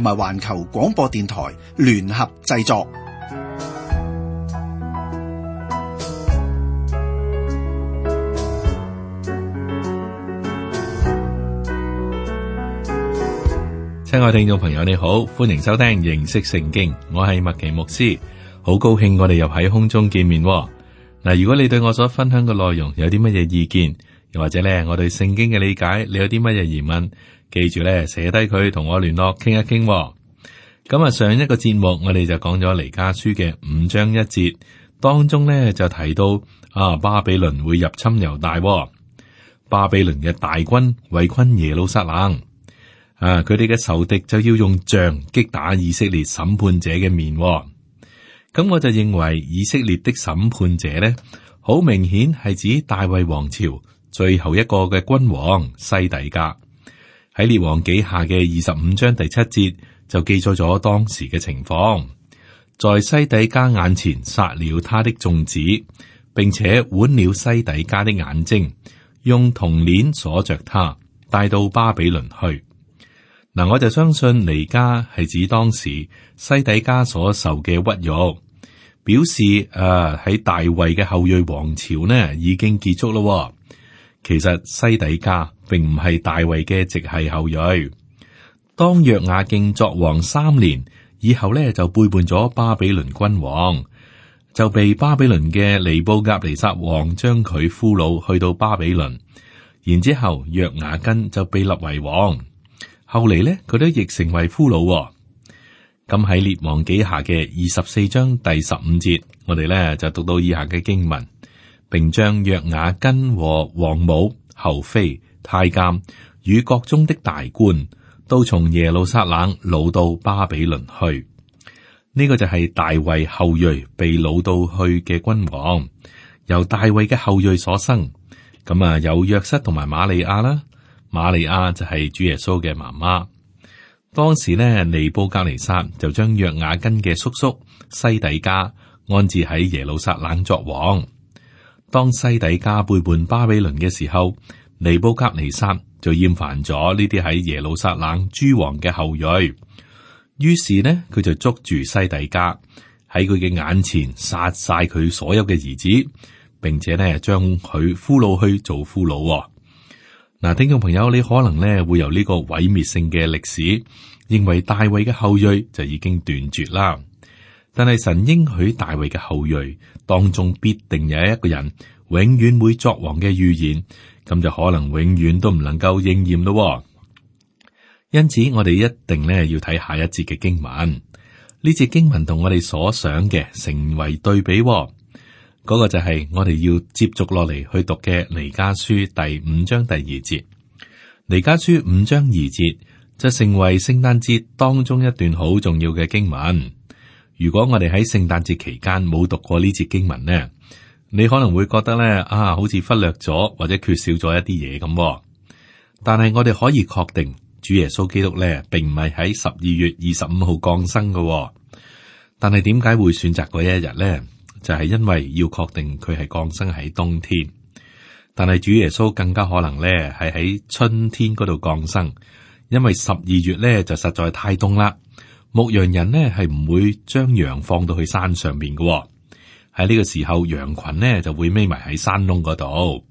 同埋環球廣播電台聯合製作。親愛聽眾朋友，你好，歡迎收聽認識聖經。我係麥奇牧師，好高興我哋又喺空中見面。嗱，如果你對我所分享嘅內容有啲乜嘢意見，又或者咧，我對聖經嘅理解，你有啲乜嘢疑問？記住咧，寫低佢同我聯絡，傾一傾。咁啊，上一個節目我哋就講咗《彌迦書》嘅五章一節當中咧，就提到啊，巴比倫會入侵猶大，巴比倫嘅大軍圍困耶路撒冷。啊，佢哋嘅仇敵就要用杖擊打以色列審判者嘅面。咁、啊、我就認為以色列的審判者咧，好明顯係指大衛王朝最後一個嘅君王西底家。喺列王紀下嘅二十五章第七節就記載咗當時嘅情況，在西底家眼前殺了他的眾子，並且剜了西底家的眼睛，用銅鏈鎖着他，帶到巴比倫去。嗱，我就相信彌迦係指當時西底家所受嘅屈辱，表示啊喺大衛嘅後裔王朝呢已經結束咯。其實西底家並唔係大衛嘅直系後裔。當約雅敬作王三年以後呢，就背叛咗巴比倫君王，就被巴比倫嘅尼布甲尼撒王將佢俘虜去到巴比倫。然之後約雅斤就被立為王。後嚟呢，佢都亦成為俘虜喎。咁喺列王記下嘅二十四章第十五節，我哋呢就讀到以下嘅經文。並將約雅斤和王母、後妃、太監與國中的大官都從耶路撒冷擄到巴比倫去。呢、這個就係大衛後裔被擄到去嘅君王，由大衛嘅後裔所生。咁啊，有約瑟同埋瑪利亞啦。瑪利亞就係主耶穌嘅媽媽。當時呢，尼布甲尼撒就將約雅斤嘅叔叔西底家安置喺耶路撒冷作王。當西底家背叛巴比倫嘅時候，尼布甲尼撒就厭煩咗呢啲喺耶路撒冷諸王嘅後裔，於是呢，佢就捉住西底家喺佢嘅眼前殺晒佢所有嘅兒子，並且咧將佢俘虜去做俘虜。嗱，聽眾朋友，你可能呢會由呢個毀滅性嘅歷史，認為大衛嘅後裔就已經斷絕啦。但係神應許大衛嘅後裔當中必定有一個人永遠會作王嘅預言，咁就可能永遠都唔能夠應驗咯。因此我哋一定呢要睇下一節嘅經文，呢節經文同我哋所想嘅成為對比，嗰、那個就係我哋要接續落嚟去讀嘅彌迦書第五章第二節。彌迦書五章二節就成為聖誕節當中一段好重要嘅經文。如果我哋喺聖誕節期間冇讀過呢節經文呢，你可能會覺得呢啊，好似忽略咗或者缺少咗一啲嘢咁。但係我哋可以確定，主耶穌基督呢並唔係喺十二月二十五號降生嘅。但係點解會選擇嗰一日呢？就係、是、因為要確定佢係降生喺冬天。但係主耶穌更加可能呢係喺春天嗰度降生，因為十二月呢就實在太凍啦。牧羊人呢係唔會將羊放到去山上面嘅。喺呢個時候，羊群呢就會匿埋喺山窿嗰度。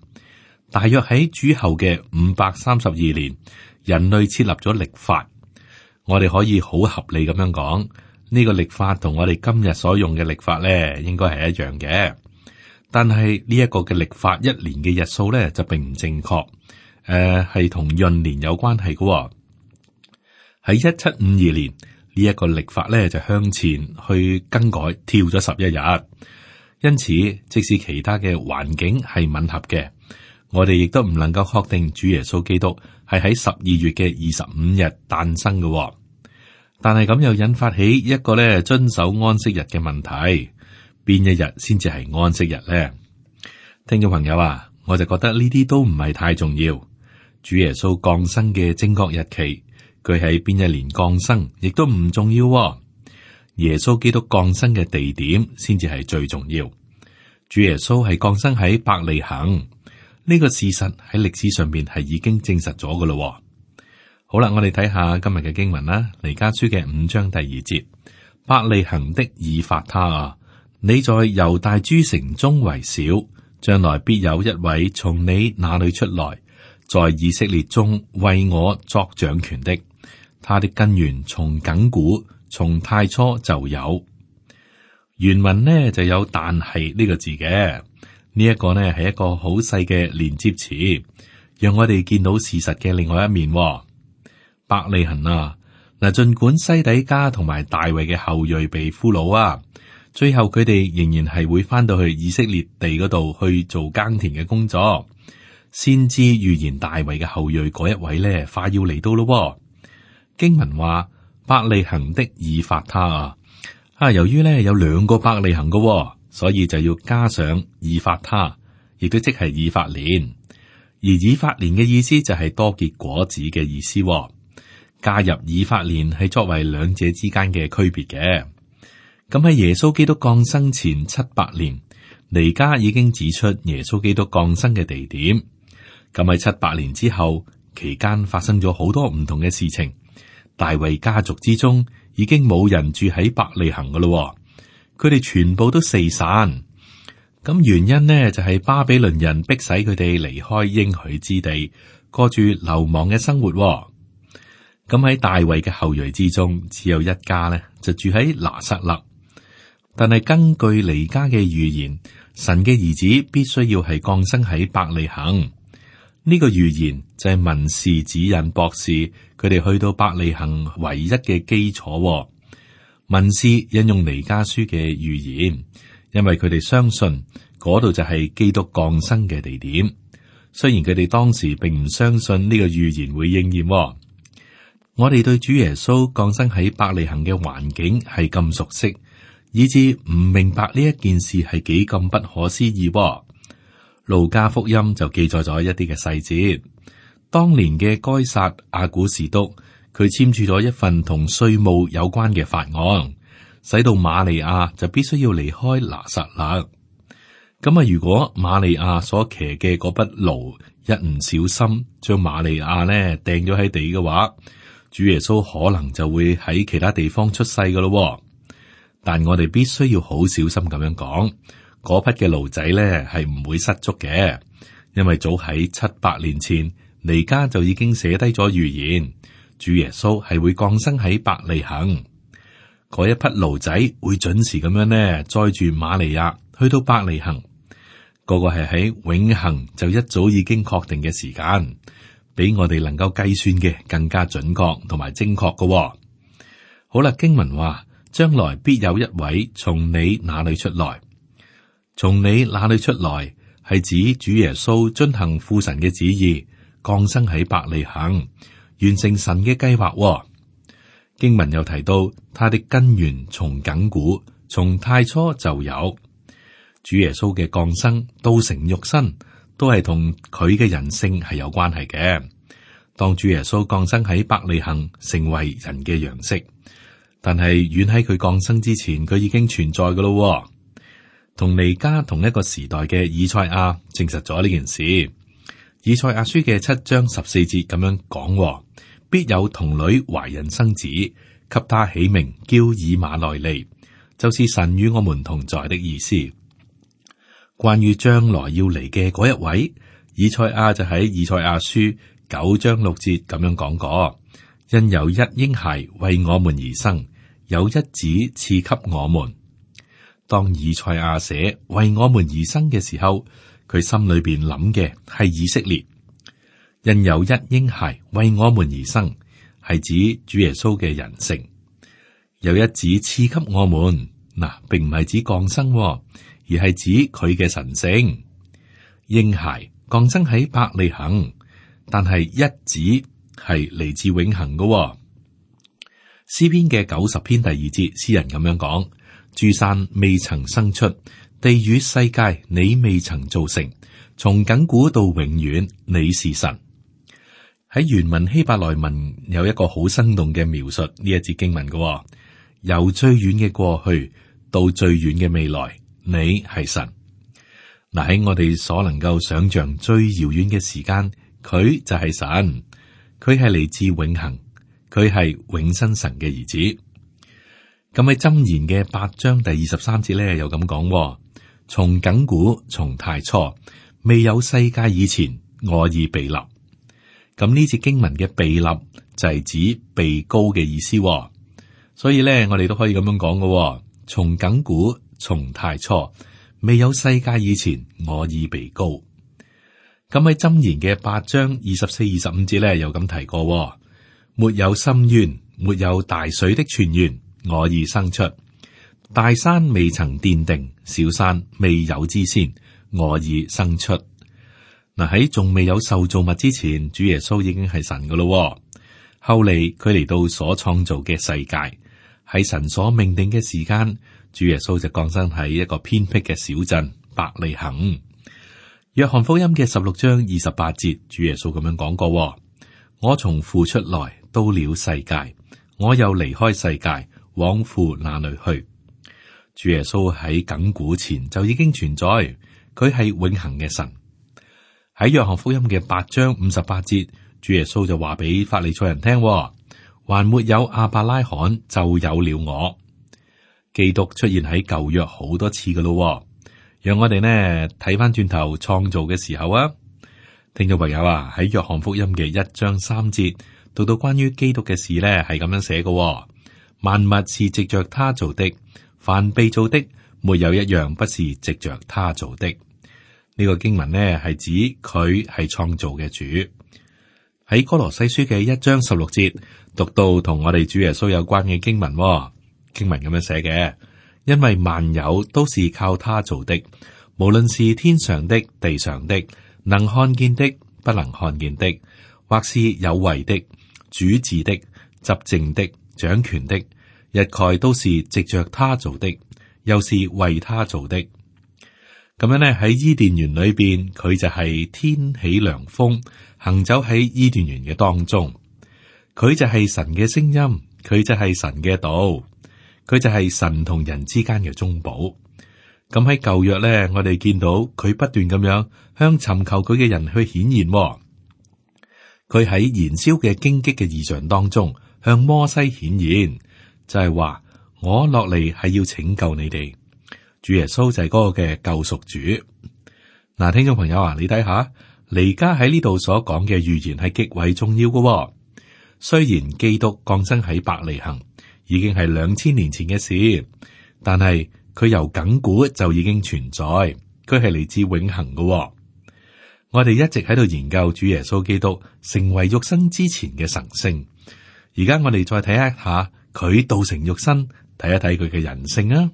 大約喺主後嘅五百三十二年，人類設立咗曆法。我哋可以好合理咁樣講，呢個曆法同我哋今日所用嘅曆法呢應該係一樣嘅。但係呢一個嘅曆法一年嘅日數呢就並唔正確，誒係同閏年有關係嘅。喺一七五二年。呢一個曆法咧就向前去更改，跳咗十一日，因此即使其他嘅環境係吻合嘅，我哋亦都唔能夠確定主耶穌基督係喺十二月嘅二十五日誕生嘅哦。但係咁又引發起一個咧遵守安息日嘅問題，邊一日先至係安息日咧？聽眾朋友啊，我就覺得呢啲都唔係太重要，主耶穌降生嘅正確日期。佢喺邊一年降生，亦都唔重要、哦。耶穌基督降生嘅地點先至係最重要。主耶穌係降生喺伯利恒，呢、這個事實喺歷史上邊係已經證實咗噶啦。好啦，我哋睇下今日嘅經文啦，《彌迦書》嘅五章第二節：伯利恒的以法他啊，你在猶大諸城中為小，將來必有一位從你那裡出來，在以色列中為我作掌權的。它的根源從亙古從太初就有，原文呢就有，但係呢、這個字嘅呢一個呢係一個好細嘅連接詞，讓我哋見到事實嘅另外一面。伯利恆啊，嗱，盡管西底家同埋大衛嘅後裔被俘虜啊，最後佢哋仍然係會翻到去以色列地嗰度去做耕田嘅工作。先知預言大衛嘅後裔嗰一位呢，快要嚟到咯。經文話伯利恆的以法他啊，啊由於呢有兩個伯利恆嘅，哦，所以就要加上以法他，亦都即係以法蓮。而以法蓮嘅意思就係多結果子嘅意思，哦。加入以法蓮係作為兩者之間嘅區別嘅。咁喺耶穌基督降生前七百年，彌迦已經指出耶穌基督降生嘅地點。咁喺七百年之後，期間發生咗好多唔同嘅事情。大衛家族之中已經冇人住喺伯利恆噶啦，佢哋全部都四散。咁原因呢，就係巴比倫人逼使佢哋離開應許之地，過住流亡嘅生活。咁喺大衛嘅後裔之中，只有一家呢，就住喺拿撒勒。但係根據彌迦嘅預言，神嘅兒子必須要係降生喺伯利恆。呢個預言就係文士指引博士佢哋去到伯利恆唯一嘅基礎、哦。文士引用彌迦書嘅預言，因為佢哋相信嗰度就係基督降生嘅地點。雖然佢哋當時並唔相信呢個預言會應驗、哦。我哋對主耶穌降生喺伯利恆嘅環境係咁熟悉，以至唔明白呢一件事係幾咁不可思議、哦。路加福音就記載咗一啲嘅細節，當年嘅該撒阿古士督佢簽署咗一份同稅務有關嘅法案，使到瑪利亞就必須要離開拿撒勒。咁啊，如果瑪利亞所騎嘅嗰匹驢一唔小心將瑪利亞咧掟咗喺地嘅話，主耶穌可能就會喺其他地方出世噶咯。但我哋必須要好小心咁樣講。嗰匹嘅驢仔咧，係唔會失足嘅，因為早喺七百年前，彌迦就已經寫低咗預言，主耶穌係會降生喺伯利恆。」嗰一匹驢仔會準時咁樣呢，載住瑪利亞去到伯利恆。個個係喺永恆就一早已經確定嘅時間，比我哋能夠計算嘅更加準確同埋精確㗎喎。好啦，經文話將來必有一位從你那裏出來。從你那裏出來，係指主耶穌遵行父神嘅旨意，降生喺伯利恆，完成神嘅計劃。經文又提到，他的根源從亙古，從太初就有。主耶穌嘅降生，到成肉身，都係同佢嘅人性係有關係嘅。當主耶穌降生喺伯利恆，成為人嘅樣式，但係遠喺佢降生之前，佢已經存在噶咯。同彌迦同一個時代嘅以賽亞證實咗呢件事。以賽亞書嘅七章十四節咁樣講：，必有童女懷孕生子，給他起名叫以馬內利，就是神與我們同在的意思。關於將來要嚟嘅嗰一位，以賽亞就喺以賽亞書九章六節咁樣講過：，因有一嬰孩為我們而生，有一子賜給我們。當以賽亞寫為我們而生嘅時候，佢心裏邊諗嘅係以色列。因有一嬰孩為我們而生，係指主耶穌嘅人性；有一子賜給我們，嗱、呃，並唔係指降生、哦，而係指佢嘅神性。嬰孩降生喺伯利恆，但係一子係嚟自永恆嘅、哦。詩篇嘅九十篇第二節，詩人咁樣講。諸山未曾生出，地與世界你未曾造成，從亙古到永遠，你是神。喺原文希伯來文有一個好生動嘅描述呢一節經文嘅，由最遠嘅過去到最遠嘅未來，你係神。嗱喺我哋所能夠想象最遙遠嘅時間，佢就係神，佢係嚟自永恒，佢係永生神嘅兒子。咁喺《箴言》嘅八章第二十三節咧，又咁講、哦：從亙古從太初，未有世界以前，我已被立。咁呢節經文嘅被立就係、是、指被高嘅意思、哦。所以咧，我哋都可以咁樣講嘅、哦。從亙古從太初，未有世界以前，我已被高。咁喺《箴言》嘅八章二十四、二十五節咧，又咁提過、哦：沒有深淵，沒有大水的泉源。我已生出。大山未曾奠定，小山未有之先，我已生出嗱。喺、啊、仲未有受造物之前，主耶穌已經係神噶咯。後嚟，佢嚟到所創造嘅世界，喺神所命定嘅時間，主耶穌就降生喺一個偏僻嘅小鎮伯利恆。約翰福音嘅十六章二十八節，主耶穌咁樣講過：，我從父出來到了世界，我又離開世界，往父那裏去。主耶穌喺亙古前就已經存在，佢係永恆嘅神。喺約翰福音嘅八章五十八節，主耶穌就話俾法利賽人聽：還沒有亞伯拉罕就有了我。基督出現喺舊約好多次噶咯。讓我哋呢睇翻轉頭創造嘅時候啊，聽眾朋友啊，喺約翰福音嘅一章三節讀到關於基督嘅事呢，係咁樣寫噶。萬物是藉着他造的，凡被造的沒有一樣不是藉着他造的。呢、這個經文呢係指佢係創造嘅主。喺哥羅西書嘅一章十六節讀到同我哋主耶穌有關嘅經文、哦、經文咁樣寫嘅，因為萬有都是靠他造的，無論是天上的地上的，能看見的不能看見的，或是有為的主治的執政的，掌權的，一概都是藉着他做的，又是為他做的。咁樣呢，喺伊甸園裏邊，佢就係天起涼風，行走喺伊甸園嘅當中。佢就係神嘅聲音，佢就係神嘅道，佢就係神同人之間嘅中保。咁喺舊約呢，我哋見到佢不斷咁樣向尋求佢嘅人去顯現，哦。佢喺燃燒嘅荊棘嘅異象當中。向摩西顯現，就係、是、話我落嚟係要拯救你哋。主耶穌就係嗰個嘅救贖主。嗱、啊，聽眾朋友啊，你睇下，彌迦喺呢度所講嘅預言係極為重要噶、哦。雖然基督降生喺伯利恆已經係兩千年前嘅事，但係佢由亙古就已經存在，佢係嚟自永恆噶、哦。我哋一直喺度研究主耶穌基督成為肉身之前嘅神聖。而家我哋再睇一下佢道成肉身，睇一睇佢嘅人性啊。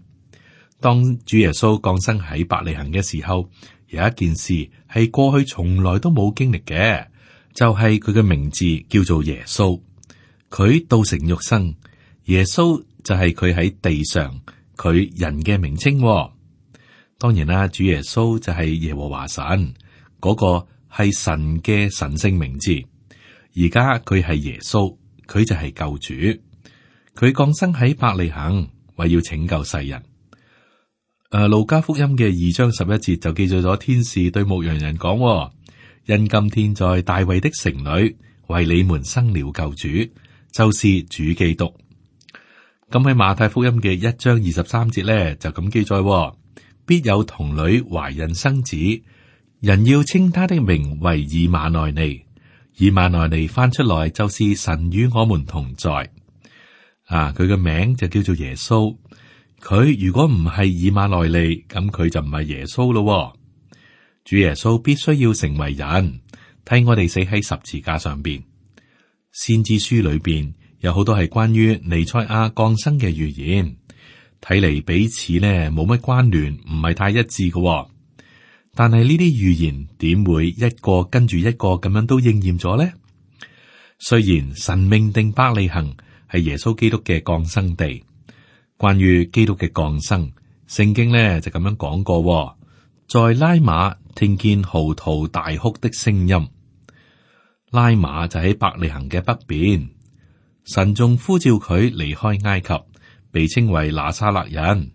當主耶穌降生喺伯利恆嘅時候，有一件事係過去從來都冇經歷嘅，就係佢嘅名字叫做耶穌。佢道成肉身，耶穌就係佢喺地上佢人嘅名稱。當然啦，主耶穌就係耶和華神嗰個係神嘅神聖名字。而家佢係耶穌。佢就係救主，佢降生喺伯利恆，為要拯救世人。誒、呃，路加福音嘅二章十一節就記載咗天使對牧羊人講：因今天在大衛的城裏為你們生了救主，就是主基督。咁喺、嗯、馬太福音嘅一章二十三節咧，就咁記載：必有童女懷孕生子，人要稱他的名為以馬內尼。以馬內利翻出來就是神與我們同在，啊佢個名就叫做耶穌。佢如果唔係以馬內利，咁佢就唔係耶穌咯、哦。主耶穌必須要成為人，替我哋死喺十字架上邊。先知書裏邊有好多係關於彌賽亞降生嘅預言，睇嚟彼此呢冇乜關聯，唔係太一致噶、哦。但係呢啲預言點會一個跟住一個咁樣都應驗咗呢？雖然神命定伯利恆係耶穌基督嘅降生地，關於基督嘅降生，聖經呢就咁樣講過、哦：，在拉馬聽見嚎啕大哭的聲音，拉馬就喺伯利恆嘅北邊，神仲呼召佢離開埃及，被稱為拿撒勒人。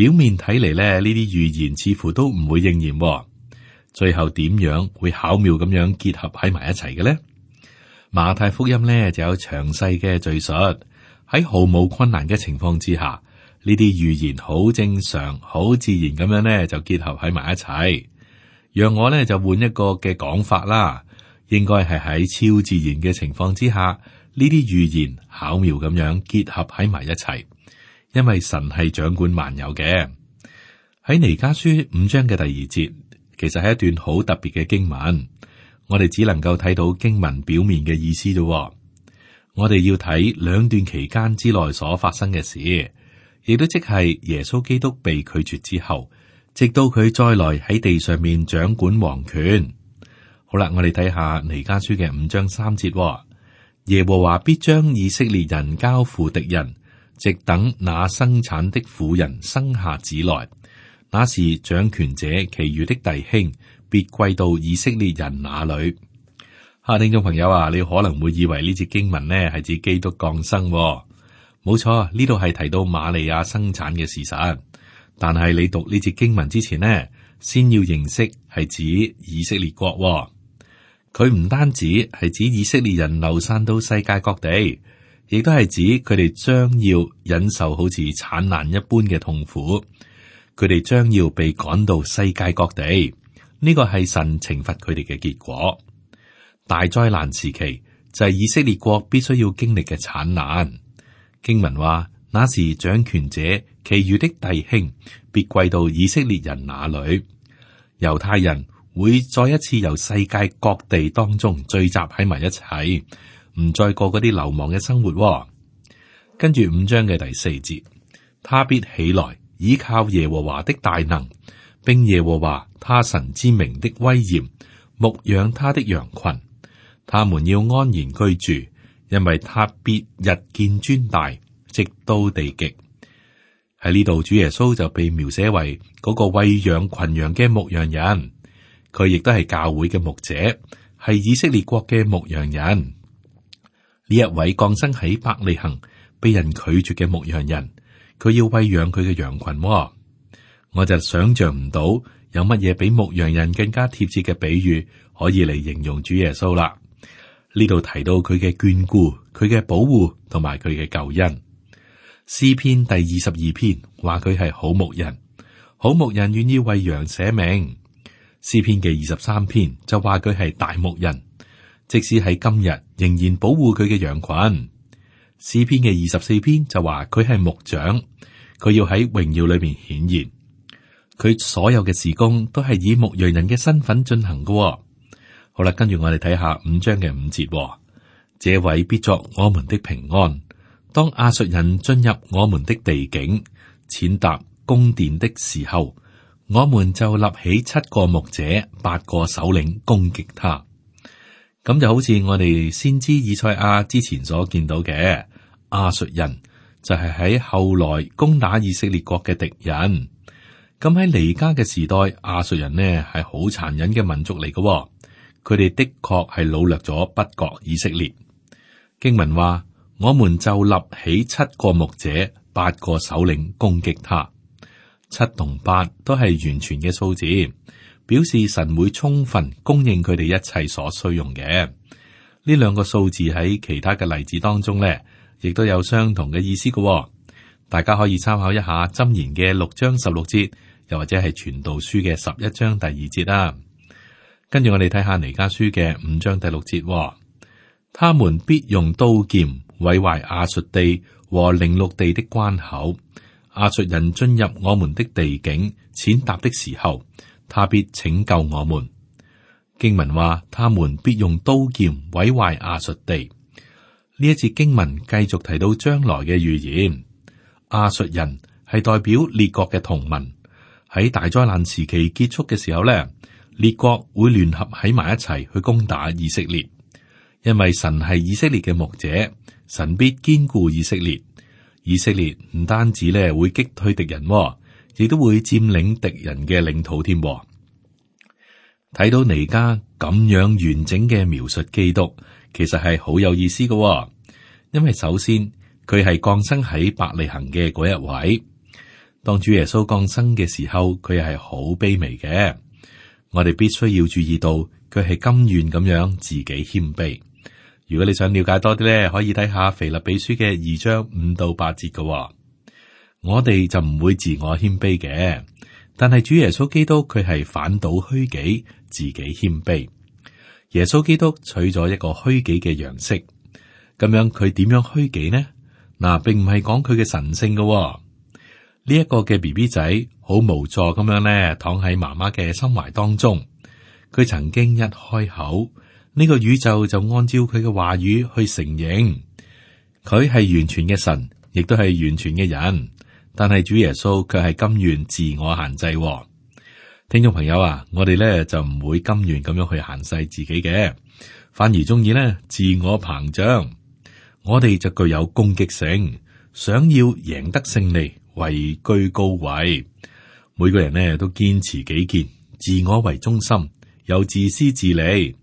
表面睇嚟咧，呢啲預言似乎都唔會應驗，最後點樣會巧妙咁樣結合喺埋一齊嘅呢？馬太福音咧就有詳細嘅敘述，喺毫無困難嘅情況之下，呢啲預言好正常、好自然咁樣咧就結合喺埋一齊。讓我咧就換一個嘅講法啦，應該係喺超自然嘅情況之下，呢啲預言巧妙咁樣結合喺埋一齊。因為神係掌管萬有嘅。喺彌迦書五章嘅第二節，其實係一段好特別嘅經文。我哋只能夠睇到經文表面嘅意思啫。我哋要睇兩段期間之內所發生嘅事，亦都即係耶穌基督被拒絕之後，直到佢再來喺地上面掌管王權。好啦，我哋睇下彌迦書嘅五章三節：耶和華必將以色列人交付敵人。直等那生產的婦人生下子來，那時掌權者其餘的弟兄，必歸到以色列人那裏。哈、啊，聽眾朋友啊，你可能會以為呢節經文呢係指基督降生。哦，冇錯，呢度係提到瑪利亞生產嘅事實。但係你讀呢節經文之前呢，先要認識係指以色列國，哦，佢唔單止係指以色列人流散到世界各地。亦都係指佢哋將要忍受好似產難一般嘅痛苦，佢哋將要被趕到世界各地。呢個係神懲罰佢哋嘅結果。大災難時期就係、是、以色列國必須要經歷嘅產難。經文話：那時掌權者其餘的弟兄，必歸到以色列人那裏。猶太人會再一次由世界各地當中聚集喺埋一齊。唔再過嗰啲流氓嘅生活，哦。跟住五章嘅第四節，他必起來倚靠耶和華的大能，並耶和華他神之名的威嚴，牧養他的羊群。他們要安然居住，因為他必日見尊大，直到地極。喺呢度，主耶穌就被描寫為嗰個餵養群羊嘅牧羊人，佢亦都係教會嘅牧者，係以色列國嘅牧羊人。呢一位降生喺伯利恆被人拒絕嘅牧羊人，佢要餵養佢嘅羊群、哦。我就想象唔到有乜嘢比牧羊人更加貼切嘅比喻可以嚟形容主耶穌啦。呢度提到佢嘅眷顧、佢嘅保護同埋佢嘅救恩。詩篇第二十二篇話佢係好牧人，好牧人願意為羊捨命。詩篇嘅二十三篇就話佢係大牧人，即使喺今日。仍然保護佢嘅羊群。詩篇嘅二十四篇就話佢係牧長，佢要喺榮耀裏面顯現。佢所有嘅事工都係以牧羊人嘅身份進行嘅、哦。好啦，跟住我哋睇下五章嘅五節、哦。這位必作我們的平安。當亞述人進入我們的地境，踐踏宮殿的時候，我們就立起七個牧者，八個首領攻擊他。咁就好似我哋先知以賽亞之前所見到嘅亞述人，就係喺後來攻打以色列國嘅敵人。咁喺彌迦嘅時代，亞述人呢係好殘忍嘅民族嚟㗎、哦，佢哋的確係擄掠咗北國以色列。經文話：，我們就立起七個牧者，八個首領攻擊他，七同八都係完全嘅數字。表示神會充分供應佢哋一切所需用嘅。呢兩個數字喺其他嘅例子當中呢，亦都有相同嘅意思嘅、哦。大家可以參考一下《箴言》嘅六章十六節，又或者係《傳道書》嘅十一章第二節啦、啊。跟住我哋睇下《彌迦書》嘅五章第六節、哦，他們必用刀劍毀壞亞述地和零六地的關口。亞述人進入我們的地境踐踏的時候。他必拯救我們。經文話，他們必用刀劍毀壞亞述地。呢一節經文繼續提到將來嘅預言。亞述人係代表列國嘅同盟。喺大災難時期結束嘅時候咧，列國會聯合喺埋一齊去攻打以色列。因為神係以色列嘅牧者，神必堅固以色列。以色列唔單止咧會擊退敵人。亦都會佔領敵人嘅領土添。睇到彌迦咁樣完整嘅描述，基督其實係好有意思嘅。因為首先佢係降生喺伯利恆嘅嗰一位。當主耶穌降生嘅時候，佢係好卑微嘅。我哋必須要注意到佢係甘願咁樣自己謙卑。如果你想了解多啲咧，可以睇下《腓立比書》嘅二章五到八節嘅。我哋就唔會自我謙卑嘅，但係主耶穌基督佢係反倒虛己，自己謙卑。耶穌基督取咗一個虛己嘅樣式，咁樣佢點樣虛己呢？嗱、啊，並唔係講佢嘅神聖嘅、哦。呢、這、一個嘅 BB 仔好無助咁樣呢，躺喺媽媽嘅心懷當中。佢曾經一開口，呢、這個宇宙就按照佢嘅話語去承認。佢係完全嘅神，亦都係完全嘅人。但係主耶穌卻係甘願自我限制，哦，聽眾朋友啊，我哋咧就唔會甘願咁樣去限制自己嘅，反而中意咧自我膨脹。我哋就具有攻擊性，想要贏得勝利，位居高位。每個人呢都堅持己見，自我為中心，又自私自利。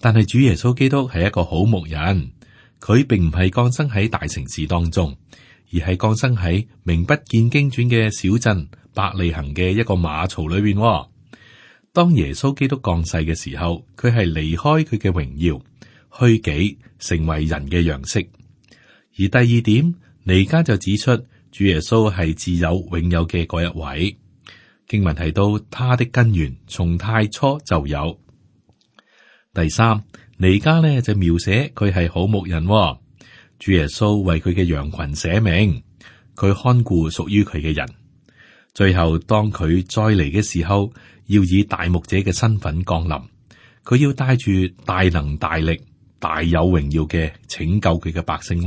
但係主耶穌基督係一個好牧人，佢並唔係降生喺大城市當中。而係降生喺名不見經傳嘅小鎮伯利恆嘅一個馬槽裏邊、哦。當耶穌基督降世嘅時候，佢係離開佢嘅榮耀，虛己成為人嘅樣式。而第二點，彌迦就指出主耶穌係自有、永有嘅嗰一位。經文提到他的根源從太初就有。第三，彌迦呢就描寫佢係好牧人、哦。主耶穌為佢嘅羊群捨命，佢看顧屬於佢嘅人。最後，當佢再嚟嘅時候，要以大牧者嘅身份降臨。佢要帶住大能、大力、大有榮耀嘅拯救佢嘅百姓。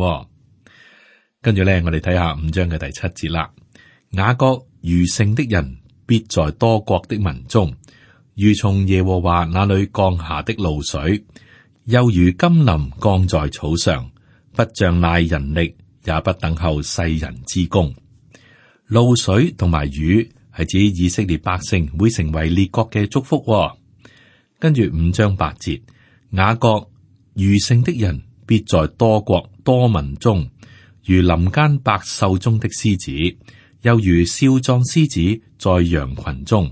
跟住咧，我哋睇下五章嘅第七節啦。雅各餘剩的人，必在多國的民中，如從耶和華那裏降下的露水，又如甘霖降在草上。不仗賴人力，也不等候世人之功。露水同埋雨，係指以色列百姓會成為列國嘅祝福，哦。跟住五章八節，雅各餘剩的人，必在多國多民中，如林間百獸中的獅子，又如少壯獅子在羊群中。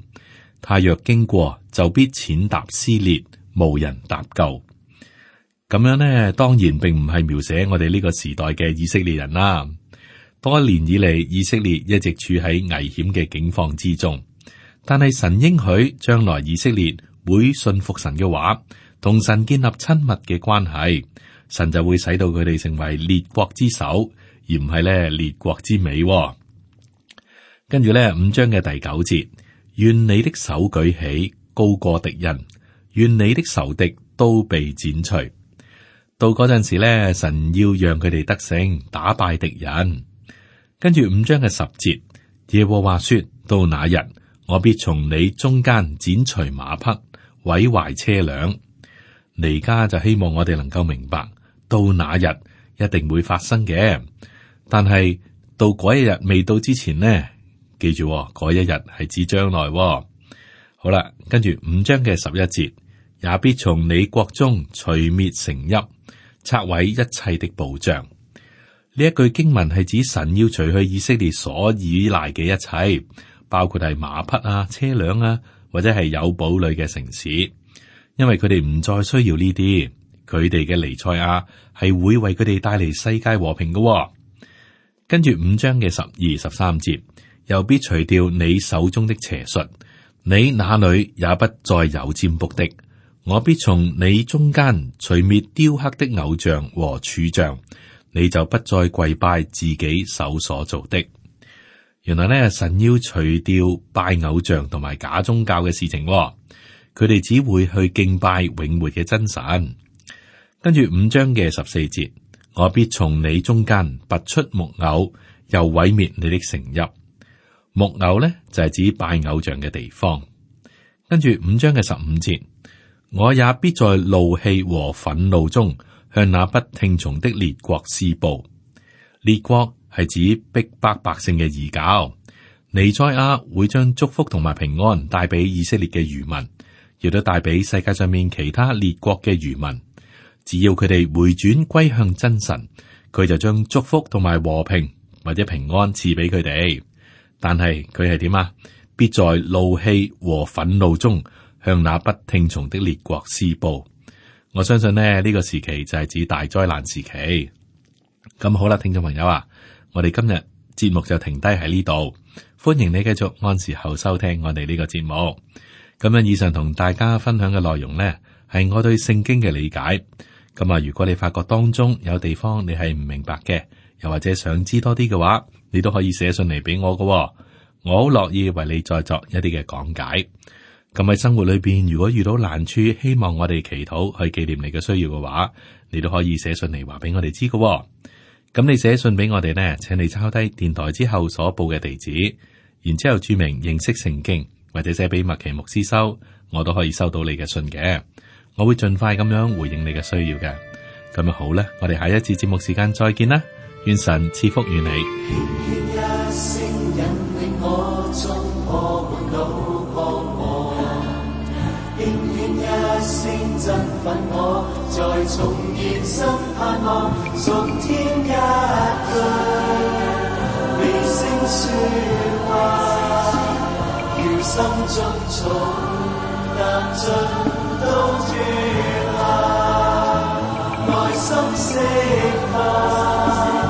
他若經過，就必踐踏撕，撕裂，無人搭救。咁樣呢，當然並唔係描寫我哋呢個時代嘅以色列人啦。多年以嚟，以色列一直處喺危險嘅境況之中。但係神應許將來以色列會信服神嘅話，同神建立親密嘅關係，神就會使到佢哋成為列國之首，而唔係咧列國之尾哦。跟住呢，五章嘅第九節，願你的手舉起，高過敵人，願你的仇敵都被剪除。到嗰陣時咧，神要讓佢哋得勝，打敗敵人。跟住五章嘅十節，耶和華說：到那日，我必從你中間剪除馬匹，毀壞車輛。彌迦就希望我哋能夠明白，到那日一定會發生嘅。但係到嗰一日未到之前呢，記住喎，嗰一日係指將來喎。好啦，跟住五章嘅十一節。也必從你國中除滅城邑，拆毀一切的保障。呢一句經文係指神要除去以色列所倚賴嘅一切，包括係馬匹啊、車輛啊，或者係有堡壘嘅城市，因為佢哋唔再需要呢啲。佢哋嘅彌賽亞係會為佢哋帶嚟世界和平嘅，哦。跟住五章嘅十二、十三節，又必除掉你手中的邪術，你那裏也不再有占卜的。我必從你中間除滅雕刻的偶像和柱像，你就不再跪拜自己手所做的。原來呢，神要除掉拜偶像同埋假宗教嘅事情，佢哋只會去敬拜永活嘅真神。跟住五章嘅十四節，我必從你中間拔出木偶，又毀滅你的成邑。木偶呢，就係指拜偶像嘅地方。跟住五章嘅十五節。我也必在怒氣和憤怒中向那不聽從的列國施報。列國係指逼迫百姓嘅異教，彌賽亞會將祝福同埋平安帶俾以色列嘅餘民，亦都帶俾世界上面其他列國嘅餘民。只要佢哋回轉歸向真神，佢就將祝福同埋和平或者平安賜俾佢哋。但係佢係點啊？必在怒氣和憤怒中。向那不聽從的列國施暴。我相信呢呢個時期就係指大災難時期。咁好啦，聽眾朋友啊，我哋今日節目就停低喺呢度。歡迎你繼續按時候收聽我哋呢個節目。咁樣以上同大家分享嘅內容呢，係我對聖經嘅理解。咁啊，如果你發覺當中有地方你係唔明白嘅，又或者想知多啲嘅話，你都可以寫信嚟俾我噶。我好樂意為你再作一啲嘅講解。咁喺生活裏邊，如果遇到難處，希望我哋祈禱去紀念你嘅需要嘅話，你都可以寫信嚟話俾我哋知嘅。咁你寫信俾我哋呢，請你抄低電台之後所報嘅地址，然之後注明認識聖經，或者寫俾麥奇牧師收，我都可以收到你嘅信嘅。我會盡快咁樣回應你嘅需要嘅。咁啊好咧，我哋下一次節目時間再見啦，神願神賜福與你。偏偏一聲振奮，我在重燃心盼望，上天一句微聲説話，叫心中重擔盡都脫下，都絕望，內心釋放。